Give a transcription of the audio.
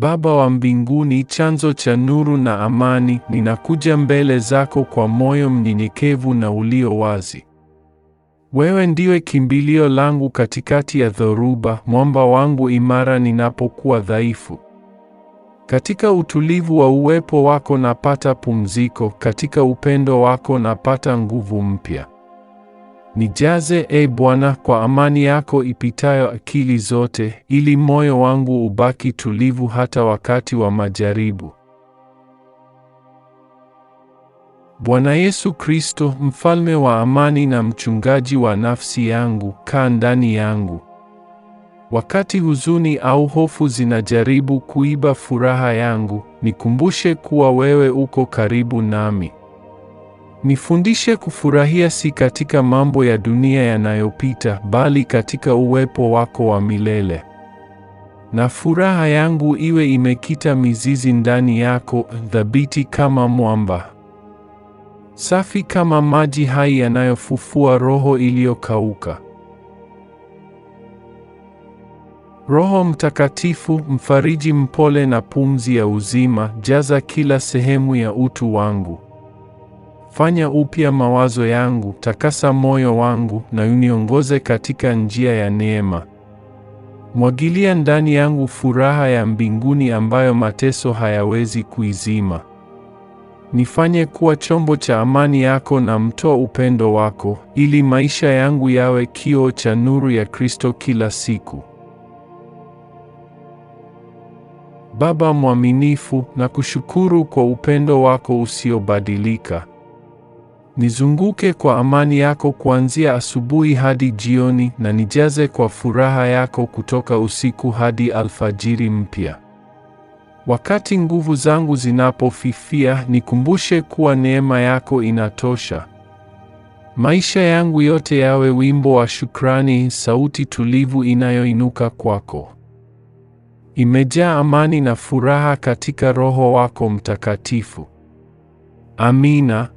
Baba wa mbinguni, chanzo cha nuru na amani, ninakuja mbele zako kwa moyo mnyenyekevu na ulio wazi. Wewe ndiwe kimbilio langu katikati ya dhoruba, mwamba wangu imara ninapokuwa dhaifu. Katika utulivu wa uwepo wako napata pumziko, katika upendo wako napata nguvu mpya. Nijaze, e Bwana, kwa amani yako ipitayo akili zote, ili moyo wangu ubaki tulivu hata wakati wa majaribu. Bwana Yesu Kristo, mfalme wa amani na mchungaji wa nafsi yangu, kaa ndani yangu. Wakati huzuni au hofu zinajaribu kuiba furaha yangu, nikumbushe kuwa wewe uko karibu nami. Nifundishe kufurahia si katika mambo ya dunia yanayopita, bali katika uwepo wako wa milele. Na furaha yangu iwe imekita mizizi ndani yako, thabiti kama mwamba, safi kama maji hai yanayofufua roho iliyokauka. Roho Mtakatifu, mfariji mpole na pumzi ya uzima, jaza kila sehemu ya utu wangu. Fanya upya mawazo yangu, takasa moyo wangu, na uniongoze katika njia ya neema. Mwagilia ndani yangu furaha ya mbinguni ambayo mateso hayawezi kuizima. Nifanye kuwa chombo cha amani yako na mtoa upendo wako, ili maisha yangu yawe kioo cha nuru ya Kristo kila siku. Baba mwaminifu, nakushukuru kwa upendo wako usiobadilika. Nizunguke kwa amani yako kuanzia asubuhi hadi jioni, na nijaze kwa furaha yako kutoka usiku hadi alfajiri mpya. Wakati nguvu zangu zinapofifia, nikumbushe kuwa neema yako inatosha. Maisha yangu yote yawe wimbo wa shukrani, sauti tulivu inayoinuka kwako. Imejaa amani na furaha katika Roho wako Mtakatifu. Amina.